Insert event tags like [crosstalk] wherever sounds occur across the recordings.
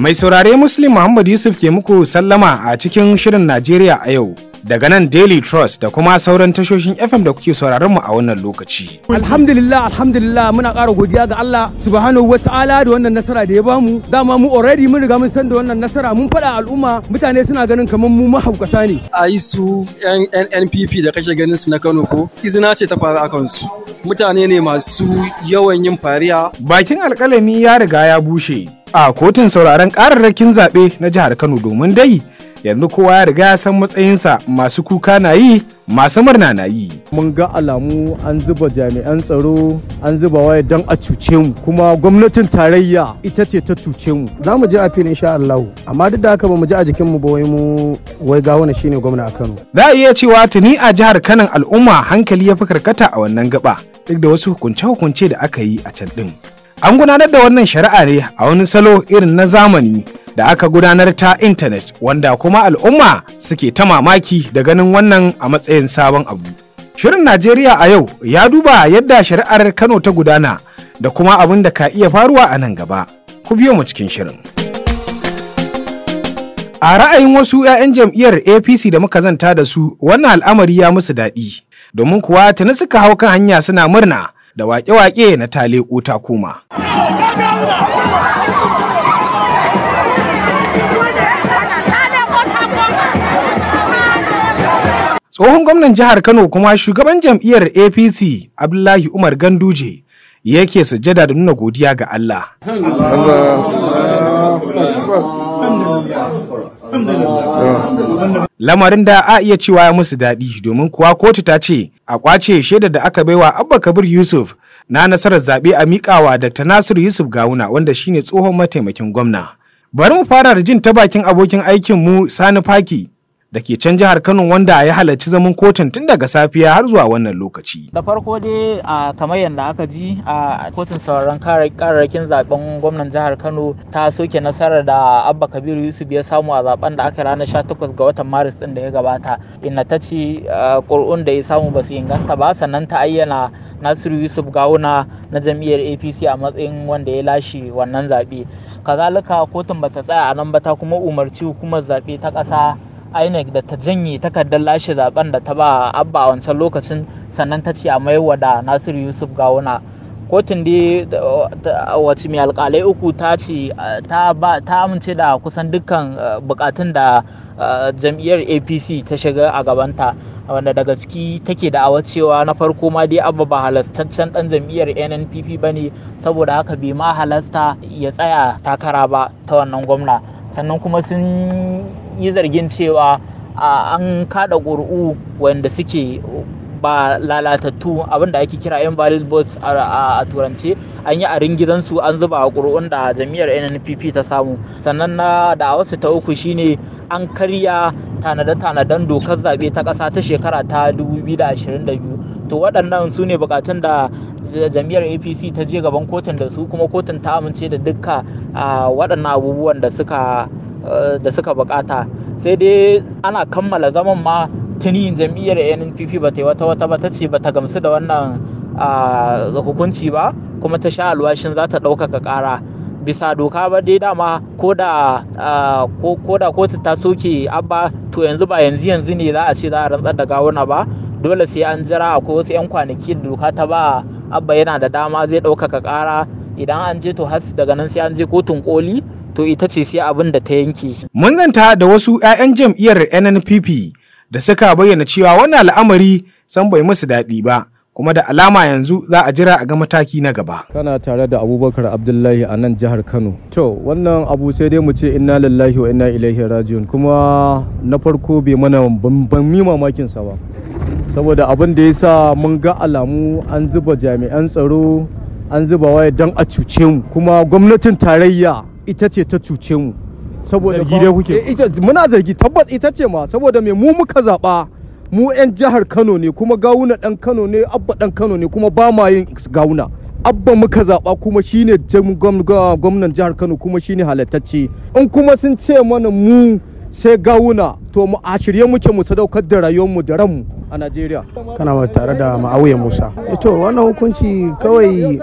Mai saurare Muslim Muhammad Yusuf ke muku sallama a cikin shirin Najeriya a yau. Daga nan Daily Trust da kuma sauran tashoshin FM da kuke sauraron mu a wannan lokaci. Alhamdulillah, alhamdulillah muna ƙara godiya ga Allah subhanahu wa ta'ala da wannan nasara da ya bamu. Dama mu already mun riga mun san da wannan nasara mun faɗa al'umma mutane suna ganin kamar mu mahaukata ne. A yi su NPP da kashe ganin su na Kano ko izina ce ta faru a kansu. Mutane ne masu yawan yin fariya. Bakin alƙalami ya riga ya bushe. a kotun sauraron kararrakin zaɓe na jihar Kano domin dai yanzu kowa ya riga ya san matsayinsa masu kuka na yi masu murna na yi. Mun ga alamu an zuba jami'an tsaro an zuba waya don a cuce mu kuma gwamnatin tarayya ita ce ta cuce mu. Za mu je a filin sha Allah amma duk da haka ba mu ji a jikin mu ba wai mu wai ga wani shine gwamna a Kano. Za a iya cewa tuni a jihar Kano al'umma hankali ya fi karkata a wannan gaba duk da wasu hukunce-hukunce da aka yi a can din. An gudanar da wannan shari'a ne a wani salo irin na zamani da aka gudanar ta intanet wanda kuma al'umma suke ta mamaki da ganin wannan a matsayin sabon abu. Shirin Najeriya a yau ya duba yadda shari'ar Kano ta gudana da kuma abin da ka iya faruwa a nan gaba. Ku biyo mu cikin shirin. A ra'ayin wasu 'ya'yan jam'iyyar APC da muka zanta da su wannan al'amari ya musu daɗi. Domin kuwa tuni suka hau kan hanya suna murna da waƙe-waƙe na tale kuma. Tsohon gwamnan jihar Kano kuma shugaban jam'iyyar APC Abdullahi Umar Ganduje yake sujada da nuna godiya ga Allah. Lamarin da a iya cewa ya musu daɗi domin kuwa kotu ta ce a kwace shaida da aka baiwa abba kabir yusuf na nasarar zaɓe a miƙawa dr nasir yusuf gawuna wanda shine tsohon mataimakin gwamna bari mu fara da jin ta bakin abokin aikinmu sani faki da ke can jihar Kano wanda ya halarci zaman kotun tun daga safiya har zuwa wannan lokaci. Da farko dai a kamar yadda aka ji a kotun sauran kararrakin zaben gwamnan jihar Kano ta soke nasarar da Abba Kabiru Yusuf ya samu a zaben da aka ranar 18 ga watan Maris din da ya gabata. Inna ta ce ƙuri'un da ya samu ba su inganta ba sannan ta ayyana Nasiru Yusuf Gawuna na jam'iyyar APC a matsayin wanda ya lashe wannan zaɓe. Kazalika kotun bata tsaya a nan ba ta kuma umarci hukumar zaɓe ta ƙasa inec da ta janye takardar lashe zaben da ta ba abba a wancan lokacin sannan ta ce a maiwa da nasiru yusuf gawuna kotun dai wacce mai alkalai uku ta ce ta amince da kusan dukkan bukatun da jam'iyyar apc ta shiga a gabanta wanda daga ciki take da cewa na farko ma dai abba ba halastaccen dan jam'iyyar nnpp ba ne saboda haka bai ma halasta ya tsaya takara ba ta wannan gwamna sannan kuma sun yi zargin cewa an kada ƙuri'u wanda suke ba lalatattu abinda ake kira invalid votes a turance an yi a ringidansu an zuba a ƙuri'un da jam'iyyar nnpp ta samu sannan na da wasu ta uku shine an karya tanade tanadan dokar zaɓe ta ƙasa ta shekara ta 2022 to waɗannan su ne buƙatun da jami'ar apc ta je gaban kotun da su kuma kotun ta amince da dukka waɗannan abubuwan da suka Eh, da suka bukata sai dai ana kammala zaman ma tuni jam'iyyar nnpp ba ta yi wata wata ba ta ce ba ta gamsu da wannan ah, hukunci ba kuma ta sha alwashin za ta ɗaukaka ƙara bisa doka ba dai dama ah, ko da kotu ta soke abba to yanzu ba yanzu yanzu ne za a ce za a rantsar da gawuna ba dole sai an jira akwai wasu 'yan kwanaki da doka ta ba abba yana da dama zai ɗaukaka ƙara idan an je to har daga nan sai an je kotun koli to ita ce sai abin da ta yanke. Mun zanta da wasu 'ya'yan jam'iyyar NNPP da suka bayyana cewa wannan al'amari san bai musu daɗi ba. kuma da alama yanzu za a jira a ga mataki na gaba. Kana tare da Abubakar Abdullahi a nan jihar Kano. To wannan abu sai dai mu ce inna lillahi wa inna ilaihi rajiun kuma na farko bai mana ban mi mamakin sa ba. Saboda abin da yasa mun ga alamu an zuba jami'an tsaro an zuba waye don a cuce mu kuma gwamnatin tarayya ita ce ta cuce mu saboda dai kuke eh, muna zargi tabbas ita ce ma saboda me mu muka zaba mu yan jihar Kano ne kuma gawuna dan Kano ne abba dan Kano ne kuma ba ma yin gawuna abba muka zaba kuma shine gwamnan jihar Kano kuma shine halattacce in kuma sun ce mana mu sai gawuna to mu a shirye muke mu sadaukar da rayuwar mu da ran mu a Najeriya. Kana ma tare da Ma'auya Musa. Eh to wannan hukunci kawai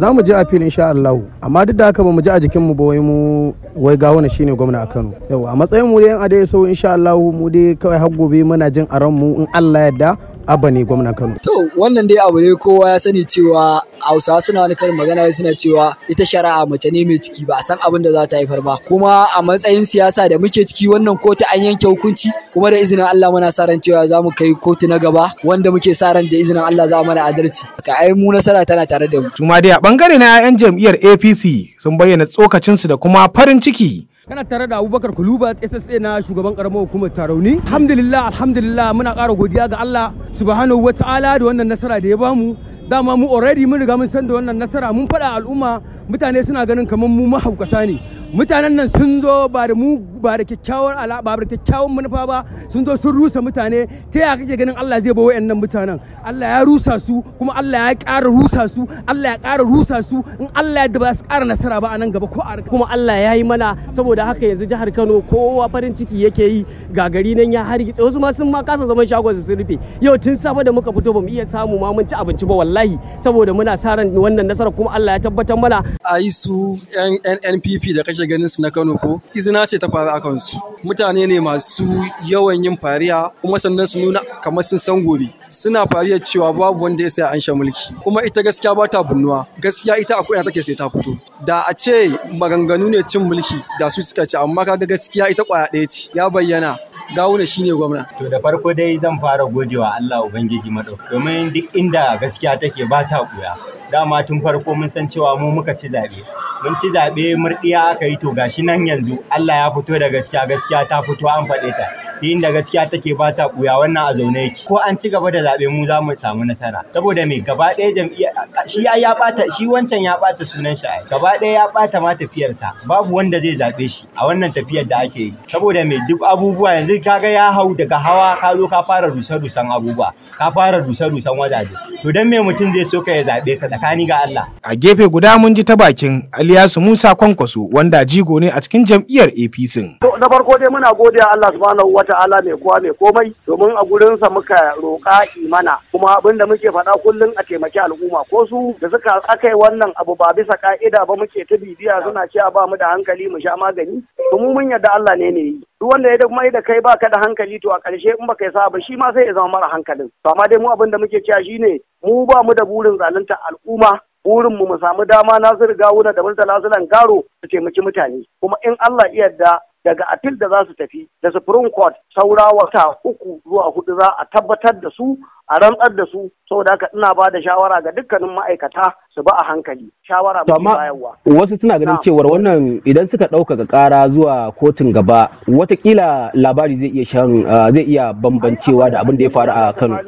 za mu je a filin sha Allah amma duk da haka ba mu ji a jikin mu ba wai mu wai ga wani shine gwamna a Kano. Yau a matsayin mu dai adai sau insha Allah mu dai kawai har gobe muna jin a mu in Allah yarda abba ne gwamna Kano. To wannan dai abu ne kowa ya sani cewa Hausawa suna wani karin magana suna cewa ita shari'a mace ne mai ciki ba a san abin da za ta haifar ba kuma a matsayin siyasa da muke ciki wannan kotu an yanke hukunci hukunci kuma da izinin Allah muna sa ran cewa za mu kai kotu na gaba wanda muke sa ran da izinin Allah za mana adalci ka ai mu nasara tana tare da mu kuma dai a bangare na 'yan jam'iyyar APC sun bayyana tsokacin su da kuma farin ciki kana tare da abubakar kuluba ssa na shugaban karamar hukumar tarauni alhamdulillah alhamdulillah muna ƙara godiya ga allah subhanahu wataala da wannan nasara da ya bamu dama mu already mun riga mun san da wannan nasara mun faɗa al'umma mutane suna ganin kamar mu mahaukata ne mutanen nan sun zo ba da mu ba da kyakkyawar ala ba da kyakkyawan manufa ba sun zo sun rusa mutane ta ya kake ganin Allah zai ba wayannan mutanen Allah ya rusa su kuma Allah ya ƙara rusa su Allah ya ƙara rusa su in Allah ya da ba su ƙara nasara ba a nan gaba ko a kuma Allah ya yi mana saboda haka yanzu jihar Kano kowa farin ciki yake yi ga gari nan ya hargitse wasu ma sun ma kasa zaman shagon su rufe yau tun safe da muka fito bamu iya samu ma mun ci abinci ba wallahi wallahi saboda muna sa ran wannan nasara kuma Allah ya tabbatar mana ai su NNPP da kake ganin su na Kano ko izina ce ta faru akan su mutane ne masu yawan yin fariya kuma sannan su nuna kamar sun san gobe suna fariya cewa babu wanda ya sai an sha mulki kuma ita gaskiya ba ta bunnuwa gaskiya ita akwai ina take sai ta fito da a ce maganganu ne cin mulki da su suka ci. amma kaga gaskiya ita kwaya ɗaya ce ya bayyana gawuna ne gwamna. To da farko dai zan fara godewa Allah Ubangiji Maɗauk domin duk inda gaskiya take ba ta ƙuya. Dama tun farko mun san cewa mu muka ci zaɓe. Mun ci zaɓe murɗiya aka yi to gashi nan yanzu Allah ya fito da gaskiya gaskiya ta fito an faɗe ta. da gaskiya take ba ta ɓuya wannan a zaune yake ko an ci gaba da zaɓe mu za mu samu nasara saboda me gaba ɗaya jam'iyya shi ya ɓata shi wancan ya ɓata sunan shi gaba ɗaya ya ɓata ma tafiyarsa babu wanda zai zaɓe shi a wannan tafiyar da ake yi saboda me duk abubuwa yanzu kaga ya hau daga hawa ka zo ka fara rusa-rusan abubuwa ka fara rusa-rusan wajaje to dan me mutum zai so ka ya zaɓe ka tsakani ga Allah a gefe guda mun ji ta bakin Aliyasu Musa Kwankwaso wanda jigo ne a cikin jam'iyyar APC to na farko dai muna godiya Allah subhanahu wata ta'ala mai kowa mai komai domin a gurinsa muka roƙa imana kuma abin da muke faɗa kullum a taimaki al'umma ko su da suka aka yi wannan abu ba bisa ka'ida ba muke ta bibiya suna cewa ba mu da hankali mu sha magani domin mun yarda Allah ne ne yi duk wanda ya mai da kai baka da hankali to a ƙarshe in baka sa ba shi ma sai ya zama mara hankalin to amma dai mu abin da muke cewa shine mu ba mu da burin zalunta al'umma burin mu mu samu dama Nasiru Gawuna da Murtala su Garo su taimaki mutane kuma in Allah iya da daga apil da za su tafi da supreme court saura wata uku zuwa hudu za a tabbatar da su a rantsar da su saboda haka ina ba da shawara ga dukkanin ma'aikata su ba a hankali shawara ba bayarwa wasu suna ganin cewar wannan idan suka ga kara zuwa kotun gaba watakila labari zai iya shan ah, zai iya bambancewa da abin da ya faru a Kano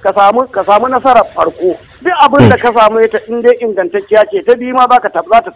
ka sami ka samu nasarar farko duk abin da ka hmm. samu ta in dai ingantacciya ce ta biyu ma za ta tabbata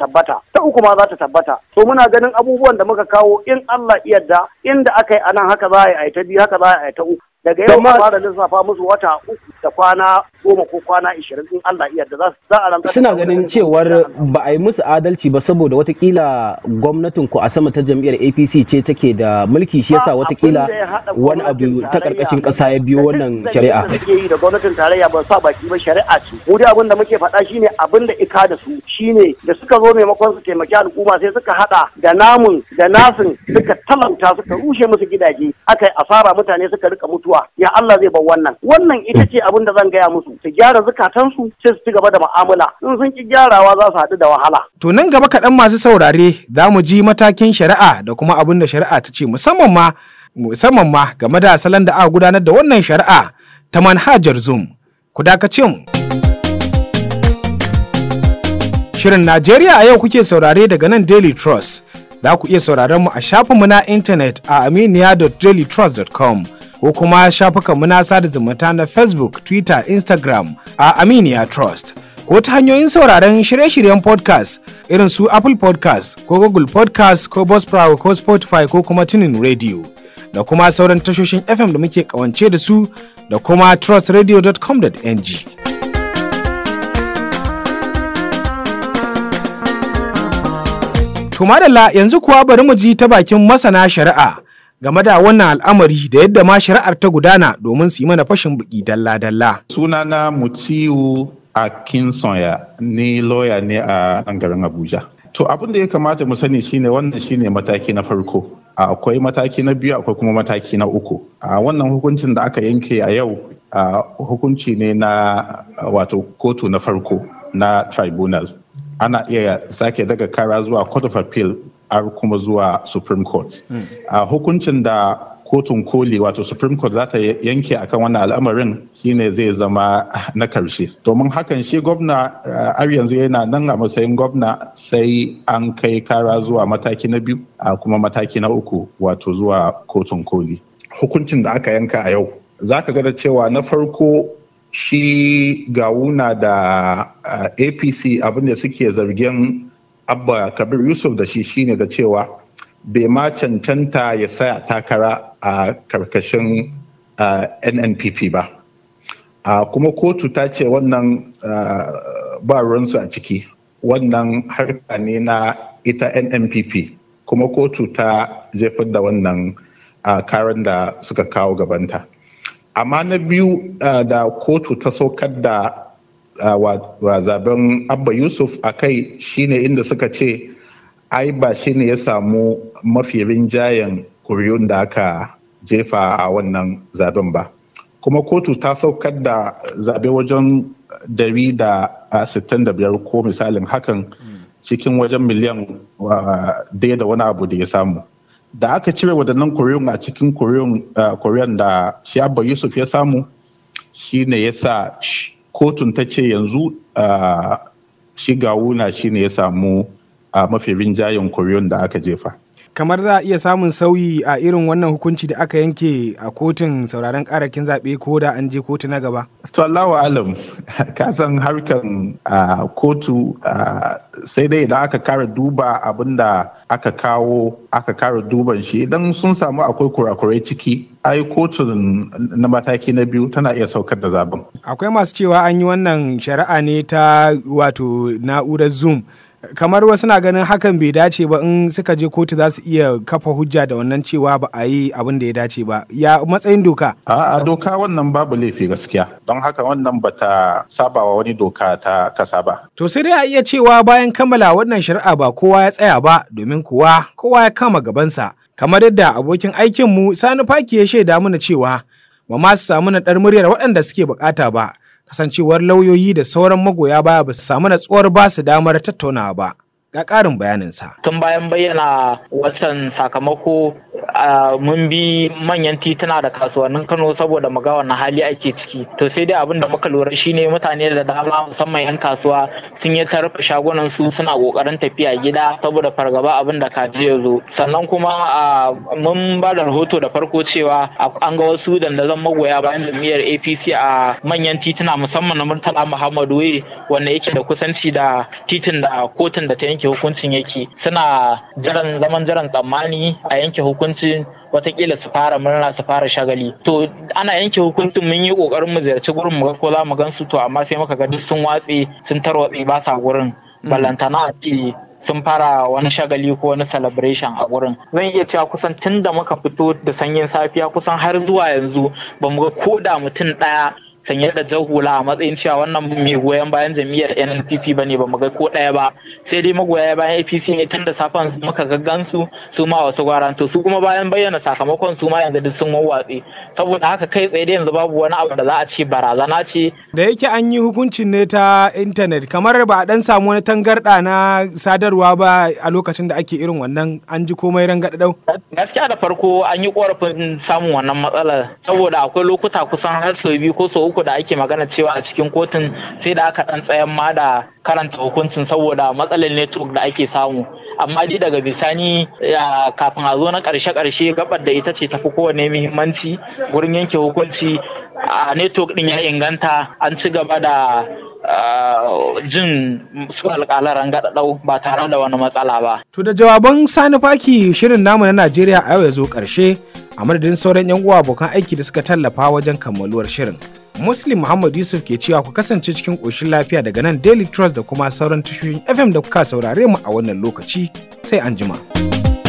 ta uku ma za ta tabbata to muna ganin abubuwan da muka kawo in Allah da inda aka yi anan haka za a yi ta biyu haka za a yi ta uku daga yau ma fara lissafa musu wata uku da kwana goma ko kwana ishirin in Allah iya da za a rantsar suna ganin cewar ba a yi musu adalci ba saboda watakila gwamnatin ku a sama ta jam'iyyar APC ce take da mulki shi yasa watakila wani abu ta karkashin kasa ya biyo wannan shari'a da gwamnatin tarayya ba sa baki ba shari'a ce mu da abin da muke faɗa shine abin da ika da su shine da suka zo maimakon su taimaki al'umma sai suka haɗa da namun da nasin suka talauta suka rushe musu gidaje aka yi asara mutane suka rika mutuwa ya Allah zai bar wannan wannan ita ce abin da zan gaya musu su gyara zukatansu sai su ci gaba da mu'amala in sun ki gyarawa za su haɗu da wahala to nan gaba kaɗan masu saurare za mu ji matakin shari'a da kuma abin da shari'a ta ce musamman ma musamman ma game da salon da aka gudanar da wannan shari'a ta manhajar zoom ku dakace mu. Shirin Najeriya a yau kuke saurare daga nan Daily Trust. Za ku iya sauraron mu a shafinmu na intanet a aminiya.dailytrust.com ko kuma shafukanmu na sada zumunta na Facebook, Twitter, Instagram a Aminiya Trust. Ko ta hanyoyin sauraron shirye-shiryen podcast irin su Apple podcast ko Google podcast ko Buzzsprout ko Spotify ko kuma Tunin Radio da kuma sauran tashoshin FM da muke kawance da su da kuma trustradio.com.ng. Tumadala yanzu kuwa bari mu ji ta bakin masana shari'a game da wannan al'amari da yadda ma shari'ar ta gudana domin su yi mana fashin buki dalla-dalla. Sunana Mutiyu Akinsanya ni lawyer ne a garin Abuja. To abin da ya kamata mu sani shine wannan shine mataki na farko. akwai mataki na biyu akwai kuma mataki na uku a wannan hukuncin da aka yanke a yau a hukunci ne na wato kotu na farko na tribunal ana iya sake daga kara zuwa court of appeal har kuma zuwa supreme court hmm. a hukuncin da kotun koli wato supreme court za ta yanke akan wannan al'amarin shine zai zama na karshe domin hakan shi gwamna eh, har yanzu yana nan a matsayin gwamna sai an kai kara zuwa mataki na biyu a kuma mataki na uku wato zuwa kotun koli hukuncin da aka yanka a yau za ka da cewa na farko shi gawuna da eh, apc abinda suke zargin abba kabir yusuf da shi shine da cewa bai ma cancanta ya saya takara a karkashin nnpp ba kuma kotu ta ce wannan ba ruwansu a ciki wannan harka ne na ita nnpp kuma kotu ta jefar da wannan karan da suka kawo gabanta amma na biyu da kotu ta saukar da zaben abba yusuf a kai shine inda suka ce ai ba shine ya samu mafi rinjayen kuriyun da aka jefa a wannan zaben ba kuma kotu ta saukar da zabe wajen dari da da biyar ko misalin hakan cikin wajen miliyan daya ah, da wani abu da ya samu da aka cire waɗannan kuriyun a cikin kuriyun ah, da shi abba yusuf ya samu shi ne ya sa kotun ta ce yanzu ah, shi gawuna shi ne ya samu a mafi rinjayen kuriyun da aka jefa kamar za a iya samun sauyi a irin wannan hukunci da aka yanke a kotun sauraron karakin zaɓe ko da an je kotu na gaba? To wa alam [laughs] ka san harkan kotu sai dai idan aka kara duba abin da aka kawo aka kara duban shi idan sun samu akwai kurakurai ciki ai kotun na mataki na biyu tana iya saukar da zaben. Akwai masu cewa an yi wannan shari'a ne ta wato na'urar Zoom kamar wasu na ganin hakan bai dace ba in suka je kotu za su iya kafa hujja da wannan cewa ba a yi abin da ya dace ba ya matsayin doka a'a doka wannan babu laifi gaskiya don haka wannan ta saba wa wani doka ta kasa ba to sai dai a iya cewa bayan kammala wannan shari'a ba kowa ya tsaya ba domin kuwa kowa ya kama gabansa kamar yadda abokin aikinmu sani faki ya shaida mana cewa ba ma su samu naɗar muryar waɗanda suke bukata ba kasancewar lauyoyi da sauran magoya baya ba su samu natsuwar ba su damar tattaunawa ba ga ƙarin bayaninsa. Tun bayan bayyana watan sakamako mun bi manyan tituna da kasuwannin Kano saboda mu na wannan hali ake ciki. To sai dai abin da muka lura shine mutane da dama musamman 'yan kasuwa sun yi ta rufe shagunan su suna kokarin tafiya gida saboda fargaba abin da kaji ya zo. Sannan kuma mun ba da rahoto da farko cewa an ga wasu dandazon magoya bayan jam'iyyar APC a manyan tituna musamman na Murtala Muhammadu wanda yake da kusanci da titin da kotun da ta yanke yanke hukuncin yake suna jiran zaman jiran tsammani a yanke hukuncin watakila su fara murna su fara shagali to ana yanke hukuncin mun yi kokarin mu ziyarci gurin mu ga ko za mu gan su to amma sai muka ga duk sun watse sun tarwatse ba sa gurin mm. ballantana a ce sun fara wani shagali ko wani celebration a gurin zan iya cewa kusan tun da muka fito da sanyin safiya kusan har zuwa yanzu bamu ga ko da mutum ɗaya sanye da jan hula a matsayin cewa wannan mai goyon bayan jam'iyyar NNPP ba ne ba mu ga ko ɗaya ba sai dai magoya bayan APC ne tun da safan muka gaggan su su ma wasu to su kuma bayan bayyana sakamakon su ma yanzu duk sun wawwatse saboda haka kai tsaye dai yanzu babu wani abu da za a ce barazana ce da yake an yi hukuncin ne ta intanet kamar ba a dan samu wani tangarɗa na sadarwa ba a lokacin da ake irin wannan an ji komai rangadadau gaskiya da farko an yi korafin samun wannan matsalar saboda akwai lokuta kusan har sau biyu ko sau uku da ake magana cewa a cikin kotun sai da aka dan tsayan ma da karanta hukuncin saboda matsalar network da ake samu amma dai daga bisani kafin a zo na karshe-karshe gabar da ita ce tafi kowane muhimmanci gurin yanke hukunci a network din ya inganta an ci gaba da jin su an gaɗaɗau ba tare da wani matsala ba. To da jawaban Sani Faki shirin namu na Najeriya a yau ya zo karshe a madadin sauran 'yan uwa abokan aiki da suka tallafa wajen kammaluwar shirin. Muslim Muhammad Yusuf ke cewa ku kasance cikin ƙoshin lafiya daga nan Daily Trust da kuma sauran tashoshin FM da kuka saurare mu a wannan lokaci sai an jima.